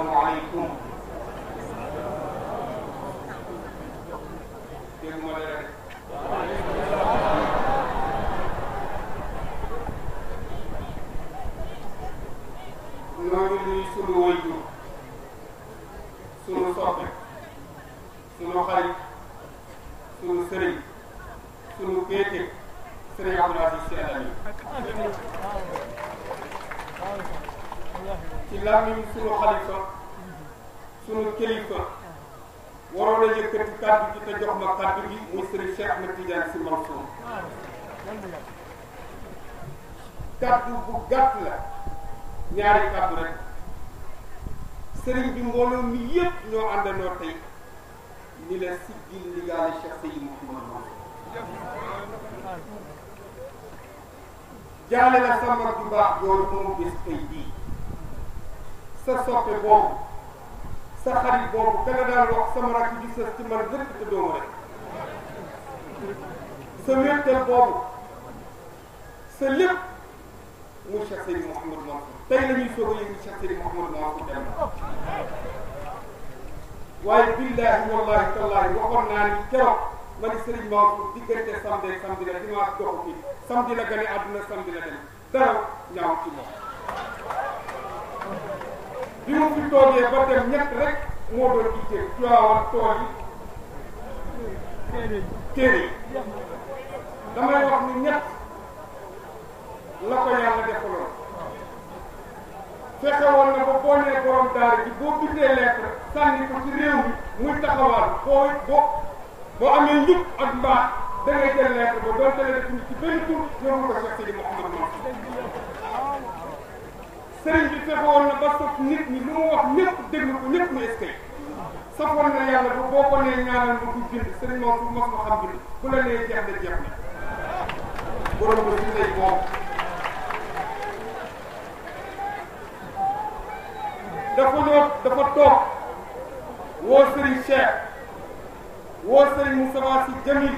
assalaamu aleykum waaye billaahi wallaahi tallaahi waxoon naa ni keroog ma ni Serigne Mansour diggante samedi ak samedi la dimanche joxu fi samedi la gane àdduna samedi la dem dara ñaaw ci moom bi mu fi toogee ba dem rek moo doon ittee tuawaan tool yi téere yi damay wax ni ñett la ko yàlla defaloon fexe woon na ba boo nee borom daara boo bindee lettre sànni ko ci réew mi muy taxawaal boo boo boo amee njub ak mbaax da ngay jël ba doon tele def ci benn bi fexe woon na ba sof nit ñi lu mu wax ñëpp déglu ko ñëpp mu eskay safoon na yàlla ba boo ko nee ñaanal ma ko bind sëriñ moom su mos ma xam la nee jeex na jeex na borom ba si lay moom dafa noo dafa toog woo Serigne Cheikh woo Serigne Moustapha Sy Jamil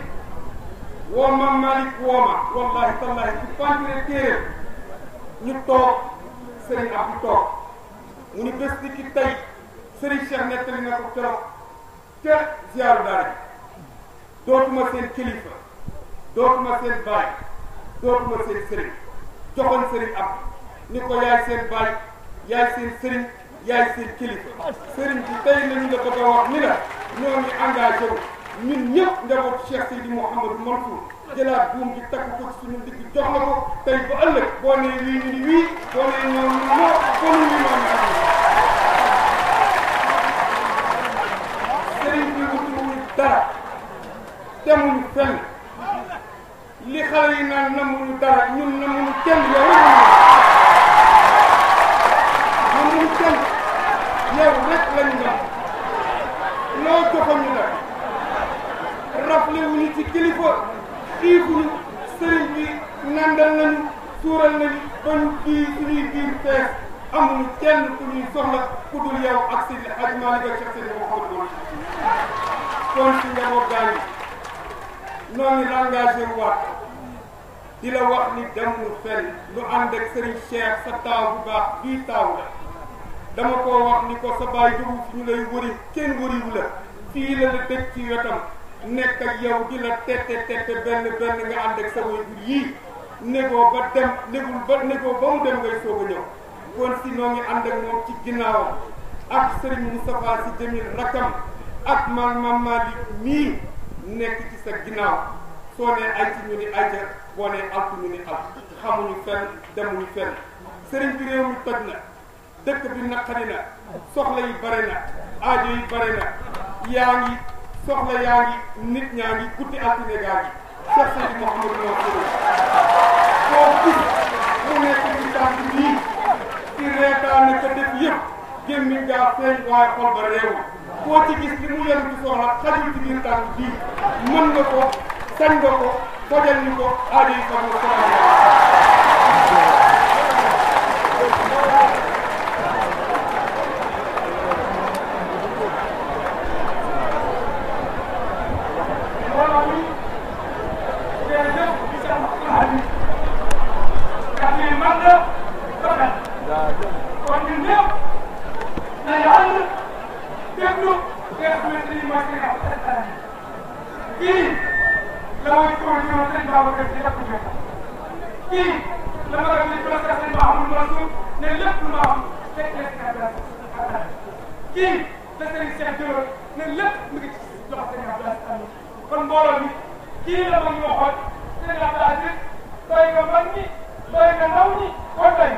woo Mame Malick woo ma wallahi tallahi ci fàntire ñu toog Serigne Abdou toog mu ni bés ni ki tey Serigne Cheikh nettali na ko keroog te ziyaaru daara dootuma seen kilifa dootuma seen baay dootuma seen sëriñ joxoon Serigne Abdou ni seen baay yaay seen sëriñ yaay seen kilifa sëriñ bi tey lañu la bëgg a wax ni la ñoo ngi engagé wu ñun ñëpp njabootu Cheikh Seydi Mouhamadou Mansour jëlaat buum bi takk ko ci suñu digg jox la ko tey ba ëllëg boo nee wii ñu ni wii boo nee ñoo amuñu kenn ku ñuy soxla ku dul yow ak Seydi Hadji Malick ak Cheikh Seydi Mouhamadou kon si njaboot gaa ngi noonu lu koo wax ni ko sa baay dugg fi lay wëri kenn wëriwu la fii la la dëkk ci wetam nekk ak yow di la tette tette benn benn nga ànd ak sa waajur yii négoo ba dem négoo ba mu dem ngay soog a ñëw kon si noo ngi ànd ak moom ci ginnaawam ak Serigne Moustapha si jëmil rakam ak maam maam Malick mii nekk ci sa ginnaaw soo nee ay ci ñu ni ay ca boo nee al ñu ni al xamuñu fenn demuñu fenn Serigne bi réew mi na dëkk bi naqari na soxla yi bare na aajo yi bare na yaa ngi soxla yaa ngi nit ñaa ngi guddi altine gaa ngi Cheikh Seydi Mouhamadou Mansour koo gis mu nekk ci tànk bii reetaan na ca def yëpp gémmiñ gaa feeñ waaye xol ba réew koo ci gis li mu yor ci soxla xajul ci biir tànk mën nga ko sañ nga ko fajal ñu ko aada yi danaa ci wane ñëwoon sëñ Babacar di def ko ci wetam kii la ma gis la sax sëñ Mouhamadou Mansour ne lépp lu ma xam fekk na ci Abdoulaye kii la sëriñ Cheikh jëloon ne lépp mu ngi ci loxo sëñ Abdoulaye Amady kon mbooloo mi kii la ma ñu waxoon sëñ Abdoulaye doy nga mag ñi doy nga ndaw ñi kon doy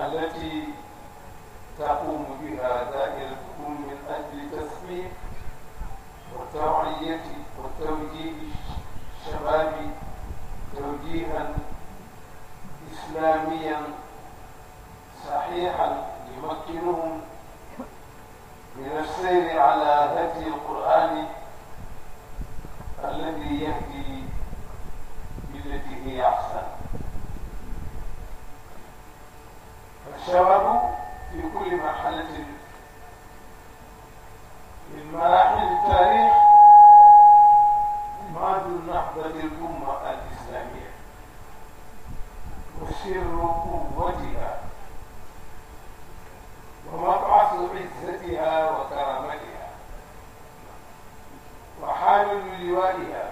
التي تقوم بها دائرة الكون من أجل تسمية وتوعية وتوجيه الشباب توجيها إسلاميا صحيحا يمكنهم من السير على هدي القرآن الذي يهدي الشباب في كل مرحلة من مراحل التاريخ معد نهضة الأمة الإسلامية وسر قوتها ومبعث عزتها وكرامتها وحامل لوائها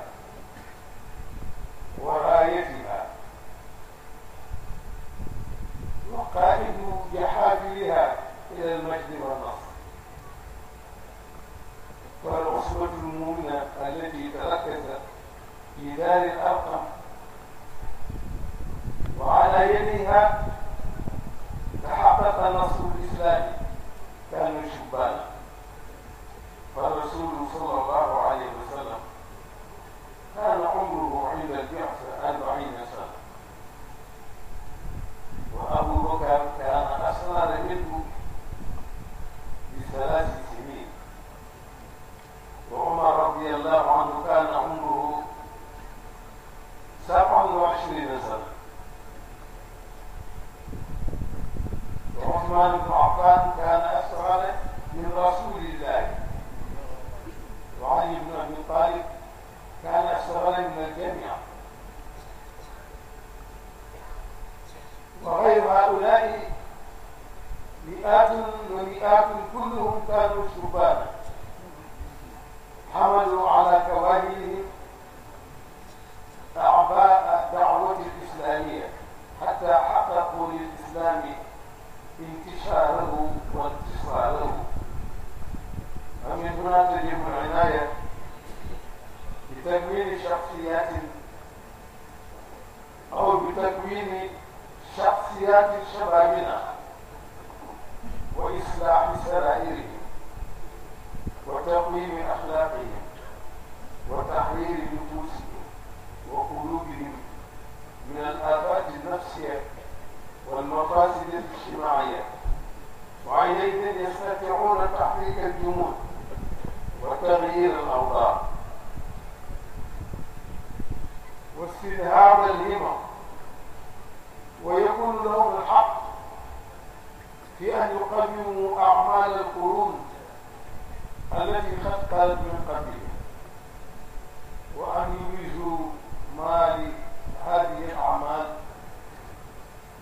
القائد بحافلها إلى المجد والنصر والعصبة المؤمنة التي تركزت في دار الأرقم وعلى يدها تحقق نصر الإسلام كانوا شبانا فالرسول صلى الله radiyallahu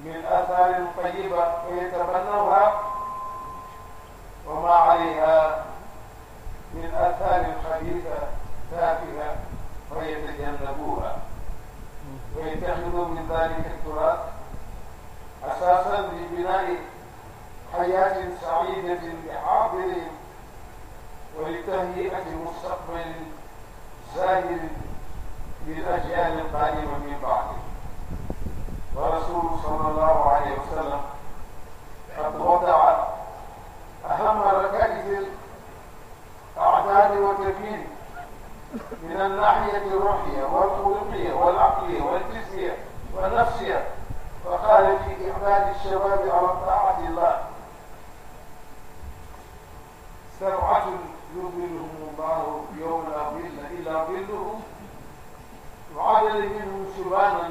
من الآثار الطيبة ويتبنوها وما عليها من آثار خبيثة تافهة ويتجنبوها ويتخذوا من ذلك التراث أساسا لبناء حياة سعيدة لحاضرهم ولتهيئة مستقبل زاهر للأجيال القادمة من بعد ورسوله صلى الله عليه وسلم قد وضع أهم ركائز الأعداد والتكليف من الناحية الروحية والخلقية والعقلية والجسمية والنفسية وقال في إعمال الشباب على طاعة الله سبعة يظلهم الله يوم لا ظل إلا ظله وعدل منهم شبانا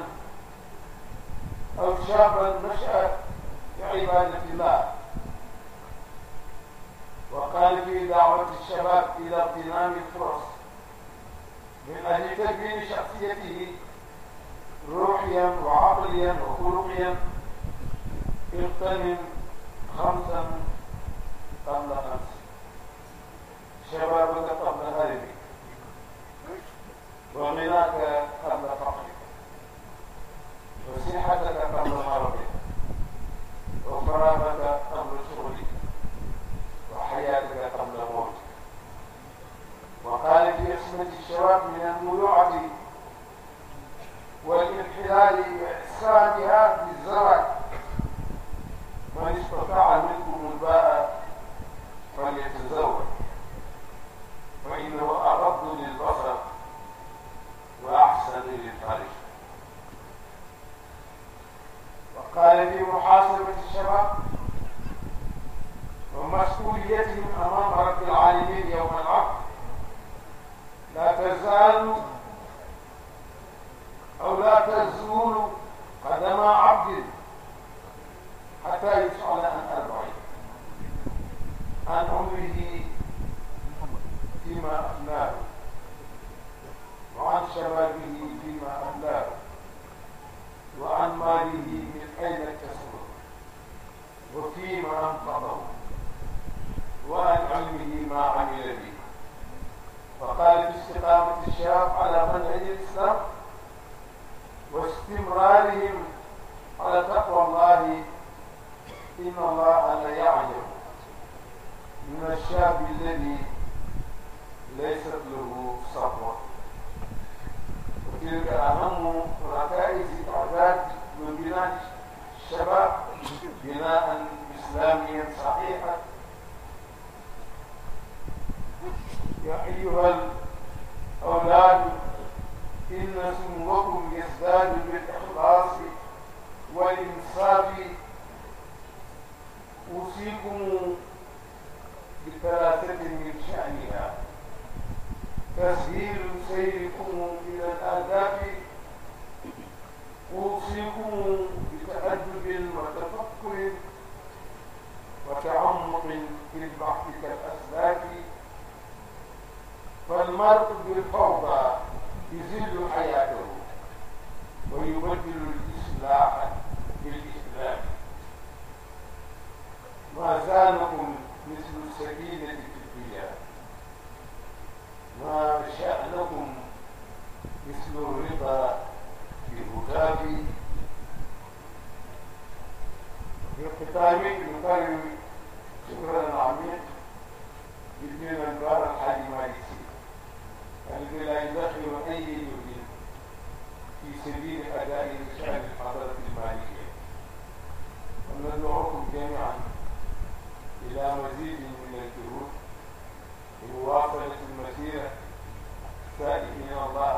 أو شابا نشأ في عبادة الله وقال في دعوة الشباب إلى اغتنام الفرص من أجل تكوين شخصيته روحيا وعقليا وخلقيا اغتنم خمسا قبل خمس شبابك قبل هرمك وغناك سيحتك قبل مرضك وفراغك قبل شغلك وحياتك قبل موتك وقال في عصمة الشباب من الملوعة والانحلال وإحسانها بالزرع من استطاع منكم الباء فليتزوج فإنه قال في محاسبة الشباب ومسؤوليتهم أمام رب العالمين يوم العرض لا تزال أو لا تزول قدم عبد حتى يسأل عن أربعين عن عمره فيما أملاه وعن شبابه فيما أملاه وعن ماله أين التسوق وفيما أنفقه وعن علمه ما عمل به فقال في استقامة الشاب على منهج الإسلام واستمرارهم على تقوى الله إن الله لا يعلم من الشاب الذي ليست له صفوة وتلك أهم ركائز العباد من بلاد الشباب بناء إسلاميا صحيحا يا أيها الأولاد إن سموكم يزداد بالإخلاص والإنصاف أوصيكم بثلاثة من شأنها تسهيل سيركم إلى الآداب أوصيكم تأدب وتفكر وتعمق في البحث كالأسباب فالمرء بالفوضى يزل حياته ويبدل الإصلاح بالإسلام ما زالكم مثل السكينة في الدنيا ما شأنكم مثل الرضا في هتافي بالختام يقرر شكرا العميق لابن الانوار الحالي مالكي الذي لا يدخل اي يمين في سبيل اداء شان الحضاره المالكيه وندعوكم جميعا الى مزيد من الجهود لمواصله المسيره سائلين الله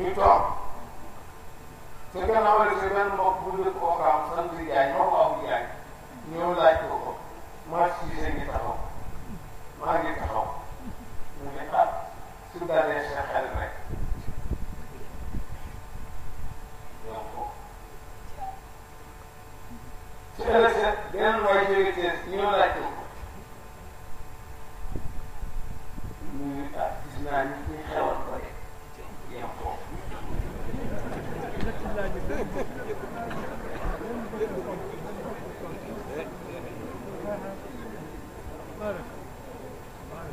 ñu toog ca gannaaw la ci benn mbokk bu dëkk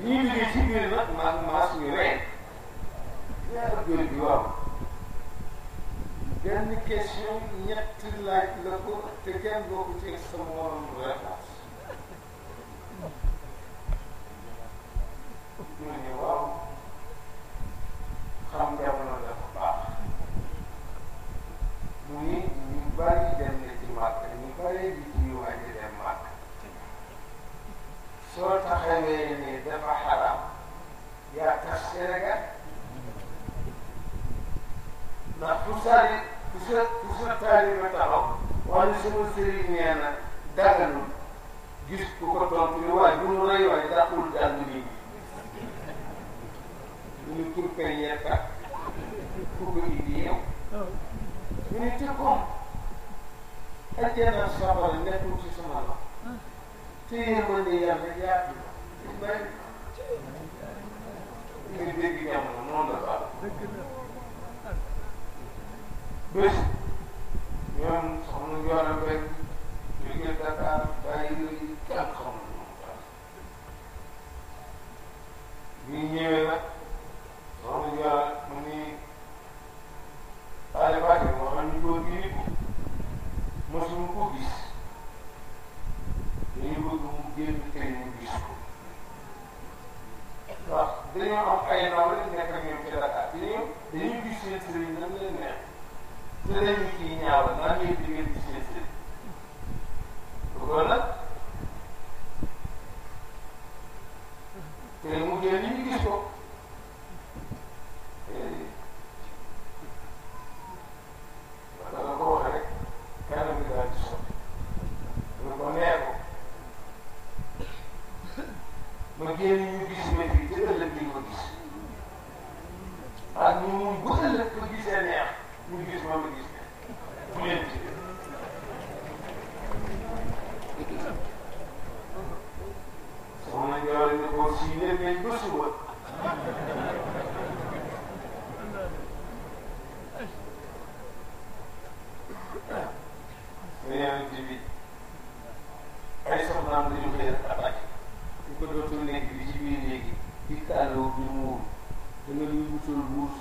ñuy liggéey ci biir nag maa maa suñu reen yaa góor bi waaw benn question ñetti laaj la ko te kenn boo ko ci sa morom réponse ñu ne waaw xam jamono dafa baax mu ni ñu bari dem na ci màkk ñu bari di ci waaj a dem màkk soo taxawee ne dafa Sénégal ndax pour saa yi pour sa pour sa taalibe taxaw wala sama sëriñ nee na daganul gis ku ko tontu ni waaye bu mu rey waaye dàqul dàll nit ñi ñu tur kay yekkat ku ko indi yow ñu ne ca koom ajjana safara nekkul ci sama la te yéen mën ne yàlla yaatu na ngir dégg jamono noonu la baax bés ñoom soxna yoonam rek jóge Dakar bàyyi yooyu kenn xamul moom tax ñi ñëwee nag ay noonu lañ nekk ak ñoom ca Dakar dañuy dañuy gis seen sëriñ nan leen neex ci lañu ciy ñaawal nan ngeen di ngeen gis seen sëriñ loolu nag te mu jël li ñu gis ko wala ko waxee rek kanam gi daal ci sotti lu ko neexu ma génn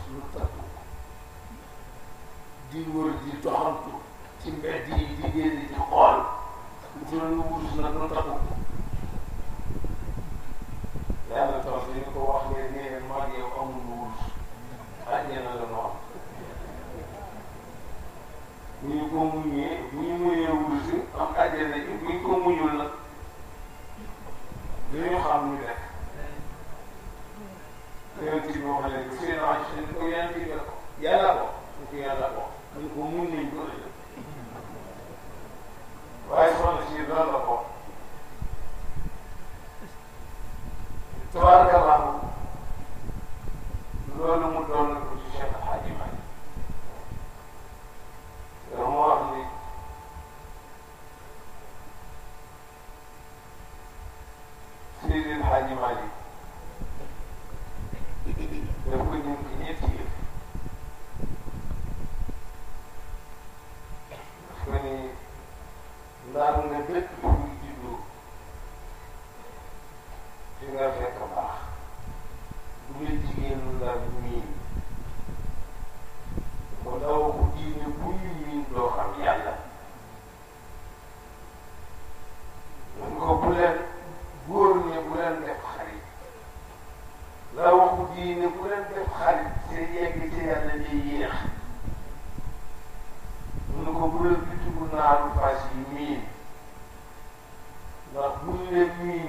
suñu takku di wër di doxantu ci mbedd yi di génn di xool lu ci doon wurus nag nu takku yàlla tax ñu ko wax ne nee na mag yow amul wurus àjjana la ñu am bu ñu ko muñee bu ñu muñee wurus am àjjana ji bu ñu ko muñul nag dañu xam ne ko yàlla ci jot yàlla ko mu ko yàlla ko mu ko mun nañ ko waaye soxna si loolu la ko tabaarakallahu loolu mu doon léegi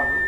xam ni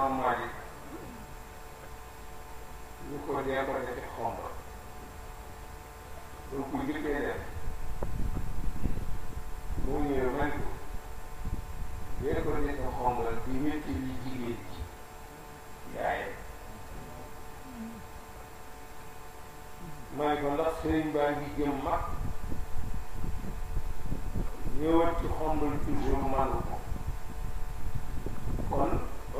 moom moo di lu ko dee ko defi xomb lu ko jëkkee def mu ñëwee man ko dee ko defi xomb di métti li jigéen ci yaay may ko ndax sëriñ baa ngi jëm mag ñëwal ci xomb lu toujours man ko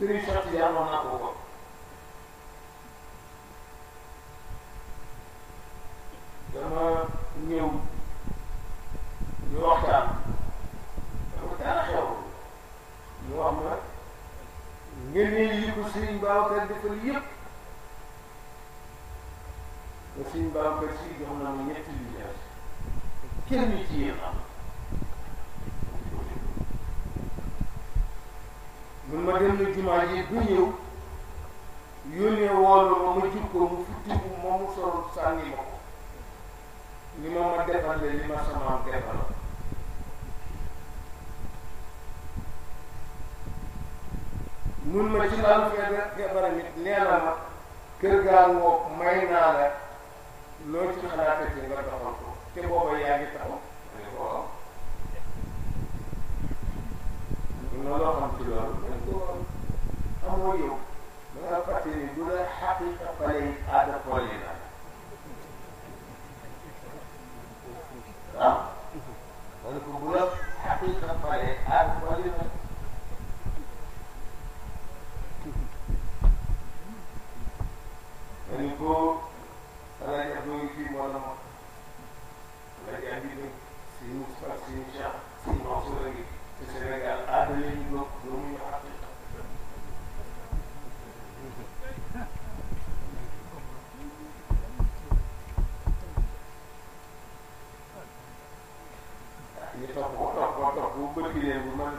Serigne Cheikh Tidiane wax naa ko ko dama ñëw ñu waxtaan dama dara xew ñu wax ma ngeen yi ko Serigne Babacar defal yëpp ba Serigne si jox na ma ñetti milliards kenn ci yéen mun ma dem na jumaa ji bu ñëw yónnee woon ma ma jub ko mu futti ma mu sol sànni ma ko ni ma ma defal li ma samaam defal mun ma ci laal feebar nit nee na ma kër gaa ngoog may naa la loo ci xalaatati nga doxal ko te booba yaa ngi taxaw ma ne ko waaw loo xam ci xamoo yow da ngaa fàtte ni du la xaqiqa ba lay aada boole la waaw ma ne ko bu la xaqiqa ba lay aada boole la ma ne ko da ngay def loolu fii moo la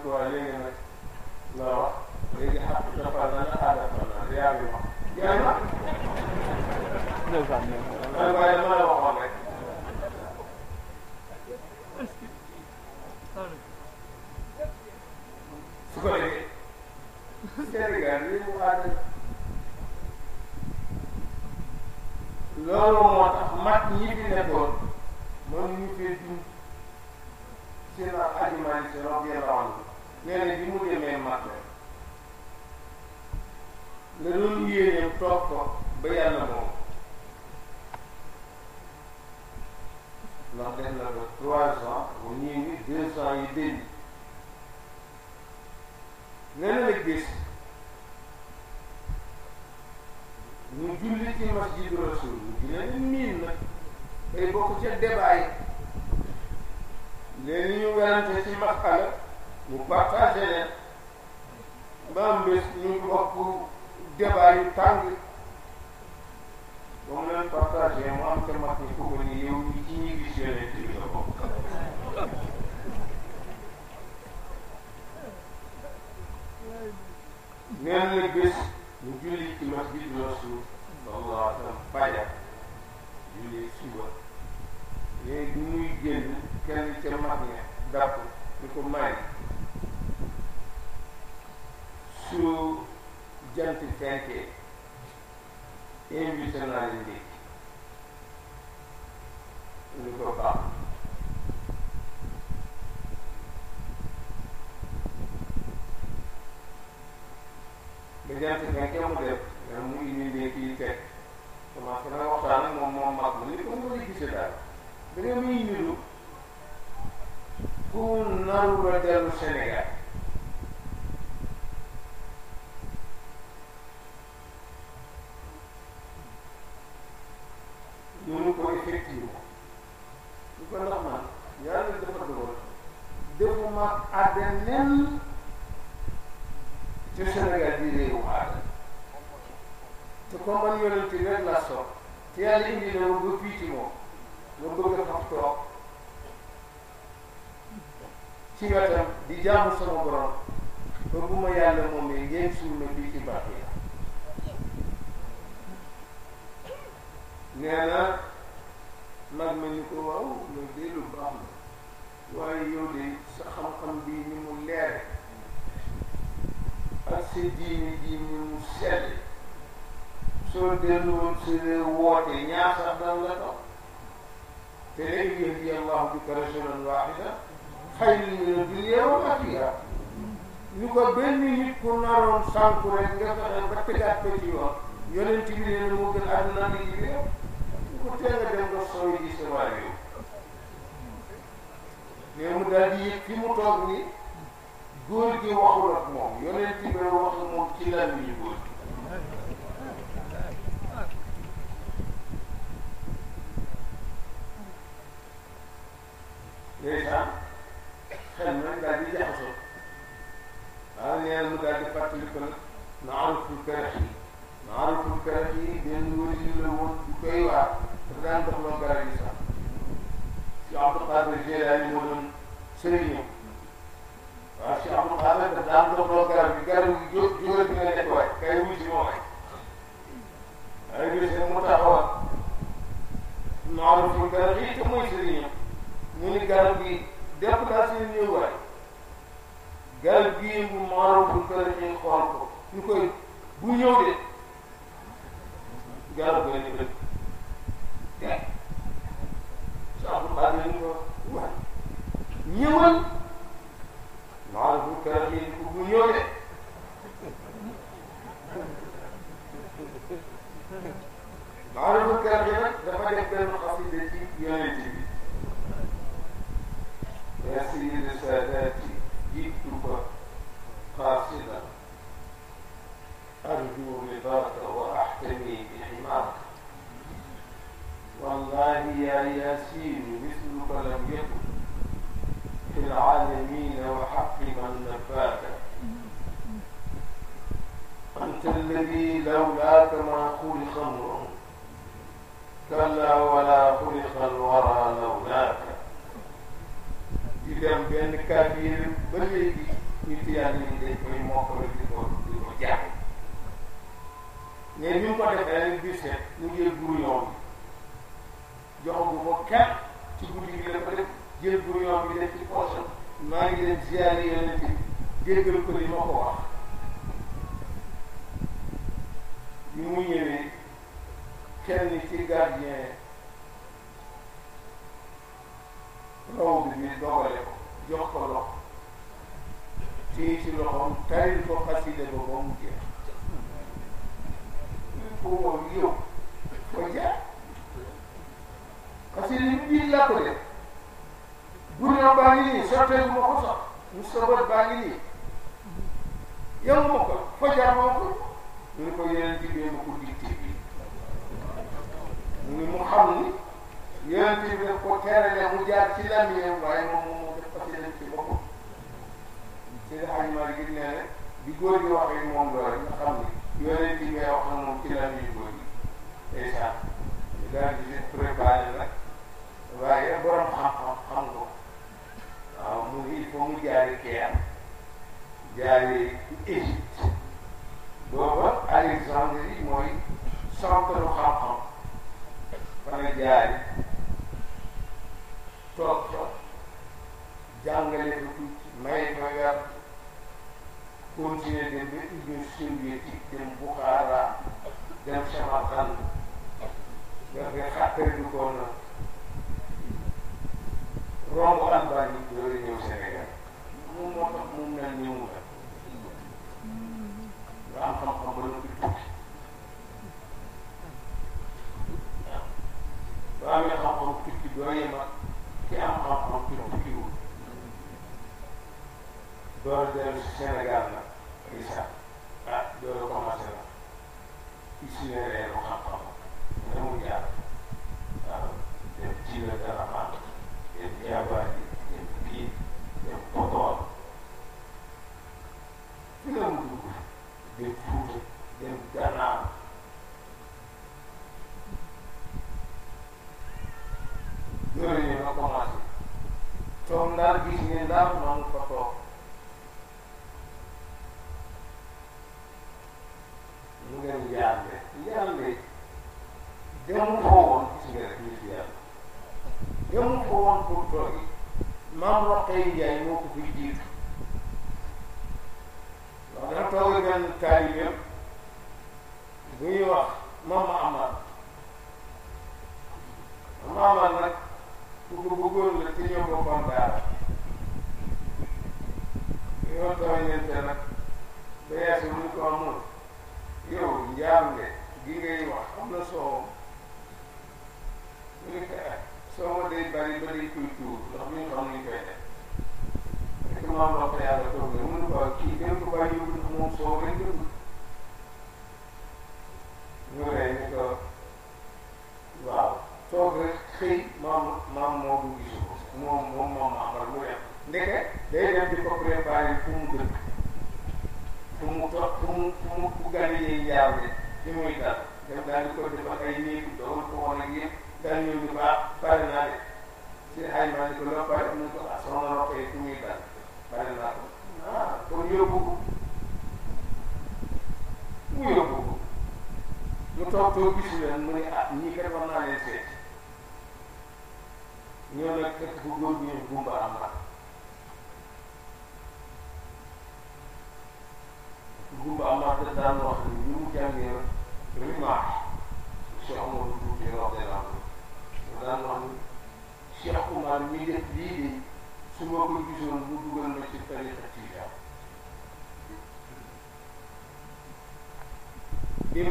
ko waaye léegi nag la wax léegi xar dafa la la a la yaa ngi wax yaa ngi wax. waaye dama la wax. nga jël ci nga jëmu def yow mu indi ne kii teg commencé na waxtaan ak moom moom mag mu ni ko mën a gisee daal da nga muy niru ku naru la dellu Sénégal sama borom ba bu ma yàlla moomee ngeen suul ma fii ci bàq yi nee na mag ma ni ko waaye yow de sa xam-xam bi ni mu leere ak sa diini ji ni mu sell soo dellu woon sa réew woote ñaar sax daan la toog te léegi yéen di allahu bika rajulan waxida xayrun mina dunya wa ma ñu ko benn nit ku naroon sànku rek nga fexe ba tëggaat ko ci yoon yonent bi nee na moo gën àdduna bi yi yëpp ku tee nga dem nga sooy di sa waa réew mais gi waxul ak moom yonent bi wax moom ci lan bi ñu góor gi ndeysaan maaruful karax yi maaruful karax yi benn wëriñu la woon bu koy waar dafa daan doxloo garab yi sax si Abdul Qadir Jilaani moo doon sëriñam waaw si Abdul Qadir dafa daan doxloo garab yi garab yi jó jógal bi nga nekk waay kay wuy si moom ay waaye gis nga mu taxawoon maaruful karax yi te mooy sëriñam mu ni garab yi déplacé ñëw waay garab gii bu maaruful karax yi xool ko ñu koy bu ñëw de garab bu nekk dëkk tey si Abdou Khadre ñu ko wax ñëwal maa ngi garab yi ko bu ñëw de maa ngi garab yi nag dafa def benn xasida ci yeneen يا ياسين مثلك لم يكن في العالمين وحق من نفاك أنت الذي لولاك ما خلق امرؤ كلا ولا خلق الورى لولاك di dem benn kàddu yi ba léegi nit yàlla yi dañ koy mokkal di ko di ko jàpp mais ni mu ko defee rek bii seet mu jël buru yoon bi joxagu ko kenn ci guddi gi la ko def jël bu yoon bi def ci poosam maa ngi leen ziyaare yonent bi déggal ko li ma ko wax ñu mu ñëwee kenn ci gardien raw bi mi dogale ko jox ko loxo téye ci loxoom taril ko xasida ba ba mu jeex pour moom yow ko parce que li bii laa ko def broullon baa ngi nii sottee bu ma ko sax mu sabat baa ngi nii yow ma ko fajar ma ko ñu ne ko yeneen ci bee ma ko dicté bi mu ne ni yeneen ci bee ko terale mu jaar ci lamiñam waaye moom moom moo def parce que dañ ci boppam Seydi Hadji Malick gi nee na di góor gi waxee moom loolu nga ni yeneen ci na waaye borom xam-xam xam ko waaw mu ngi il faut mu jaari Caire jaari Égypte booba Alexandrie mooy centre xam-xam fa nga jaari toog fa jàngale fa tuuti may fa yar continuer dem ba Union soviétique dem Bukhara dem Samarkand nga nga xàppale du ko na romb alxuraan yi loolu ñëw Sénégal moom moo tax moom naa ñëw mu tax nga am xam-xam ba noppi tukki waaw boo amee xam-xam tukki doo yem ak ki am xam-xam tukki wul doo dellu Sénégal bismillah yàlla toog nga mën ko kii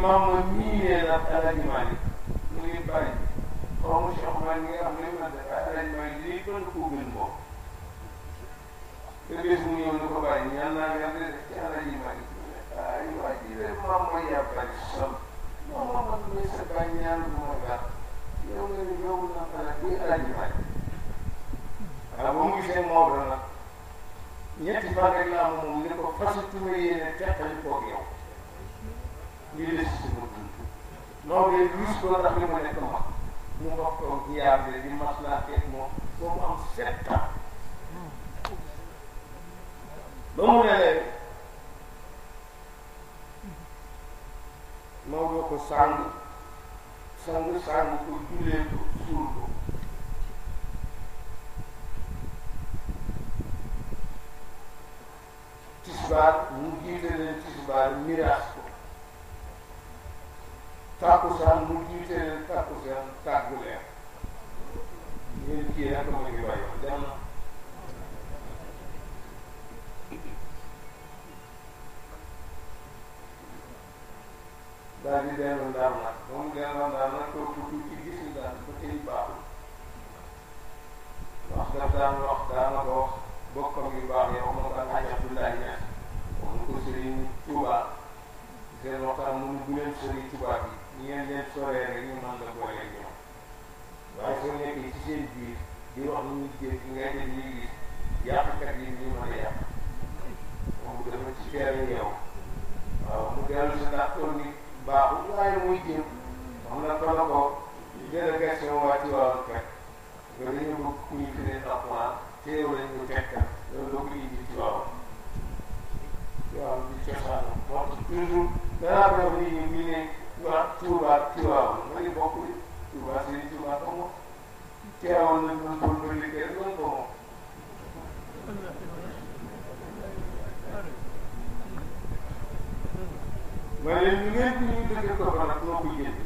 Mahmoud mii nee na El Hadj Malick mu ngi bari xaw ma Cheikh Omar nga xam ne mu naan def El Hadj Malick lii doon ko gën moom te bés mu ñëw na ko bàyyi ñaan naa yàlla def ci El Hadj Malick ay waa ji de maam mooy yaa bari sol non non man mii sa bàyyi ñaan bu ma gàtt yow nga ne yow naa ko nag muy El Hadj Malick waaw ba mu gisee Maodo nag ñetti fan rek laa moom ne ko fas yéene teqali koog yow. ñu di des ci bopp noonu de wis ko ndax li mu nekk mu mag mu mag toog ci yaam bi di maslaa feeg moom boo mu am sept ans ba mu ne leen Maodo ko sàng sang sang ko jullee ko suul ko tisbaar mu jiite leen tisbaar miraas takkusaan mu jiite bi takkusaan taat bu leer ngeen kii rek moo ngi bàyyi dem na daal di dellu ndaam nag moom delloo ndaam nag toog tuuti gis ni daal ba tey baaxul wax daf daan wax daana ko wax bokkam yu baax yow moom ak Alaaji Abdoulaye Niass wax ko Serigne Touba seen waxtaan mu bu leen Serigne Touba bi ñi ngeen leen soree rek ñu mën la boole ñoom waaye soo nekkee ci seen biir di wax lu ñuy dégg ngay def ñuy gis yàqkat yi ñu mën a yàq moom dafa ci feere yow waaw mu dellu si ndax tool ni baaxul waaye muy jéem xam na fa la ko jël question waa ci wàllu kat nga dañu bëgg ku ñu fi ne taxawaan teew lañ ñu fekk loolu doo ko indi ci waaw waaw ñu cosaanam moo tax toujours danaa ko def nii ñu ne Touba Touba Touba mooy li bokk bi Touba Serigne Touba ko moom teewoon nañ man pour nga liggéey rek man ko moom. mooy leen ñu ngeen ñu dëgg ko nag moo ko jël.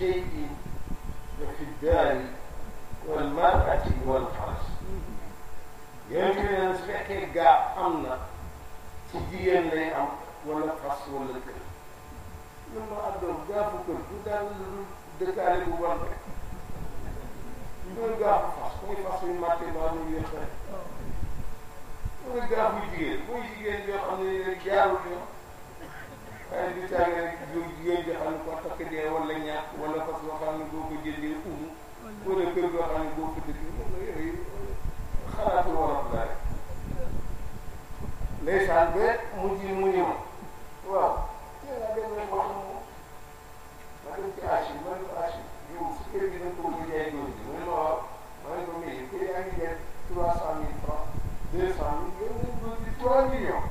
الشيء وفي الدار والمرأة والفرس yonent bi nag su fekkee gaa am na ci jigéen lay am wala fas wala kër lu ma am doon gaafu kër du daal lu dëkkaale bu bon rek loolu gaafu fas muy fas yu màtte baa muy yéex rek mooy gaafu jigéen mooy jigéen yoo xam ne jaarul yoon waaye di tànga ju jigéen joo xam ne ko takk dee wala ñaax wala fas boo xam ne boo ko jëndee umu wala kër goo xam ne boo ko dëkk wala yooyu xalaatu wolof la rek ndeysaan ba mujj mu ni ma waaw tee naa dem rek wax mu ma dem ci achi ma dem achi yow si kër gi dañ ko mu ji mu ne ma waaw ma ne ko mais kër yaa ngi jaay trois cent mille francs deux cent mille yow nañ góor ji trois millions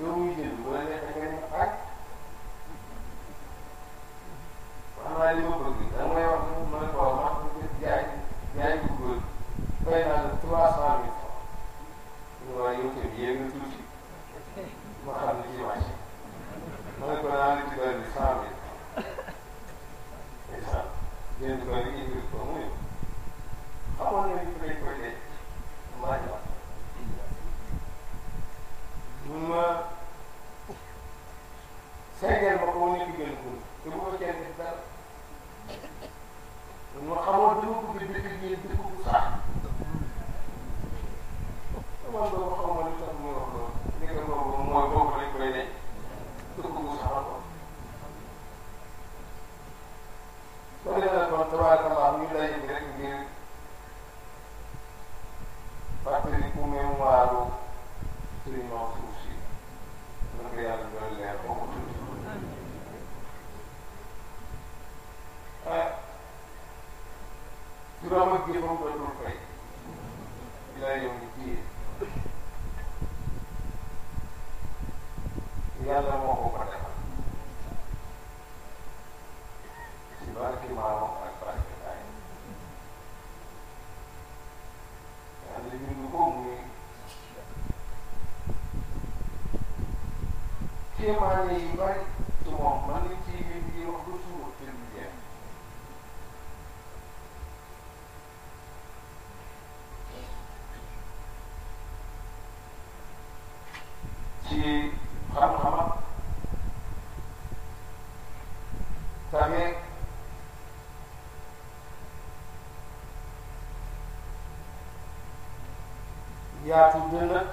yow muy jënd bu la neexee nga nekk xaaj wax naa li ma bëgg da ngay wax ne ma ne ko wax ma jaay jaay bu góor fay naa la trois cent mille francs ñu waaye yow tamit yéen nga tuuti ma xam ne ci wàcc ma ne ko naa la ci bëri cent mille ndeysaan jënd ko rek indi ko mu ñëw xamoon na ni dañ koy denc maa ñëwaat mun ma seedeel ma ko wane ci gën te bu ko seedeel ci dara ñu xamoon dama bëgg dëkk bi yéen dëkk bu sax man dama xamoon li tax ñuy wax loolu li nga moom mooy boobu lañ koy ne dëkk bu sax ko ko defee kon tabaarakallah ñu lay indi rek doom ak jëfam dootul fay ilaa yow mi diin yàlla moo ko yaatu dënn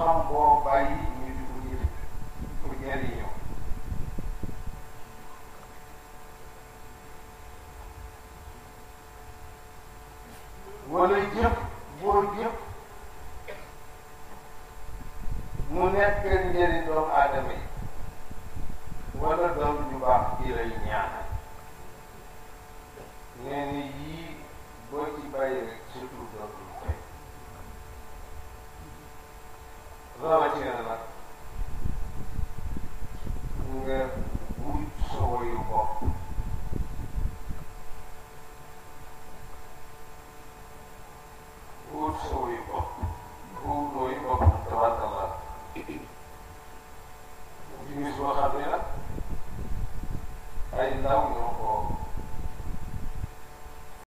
xam-xam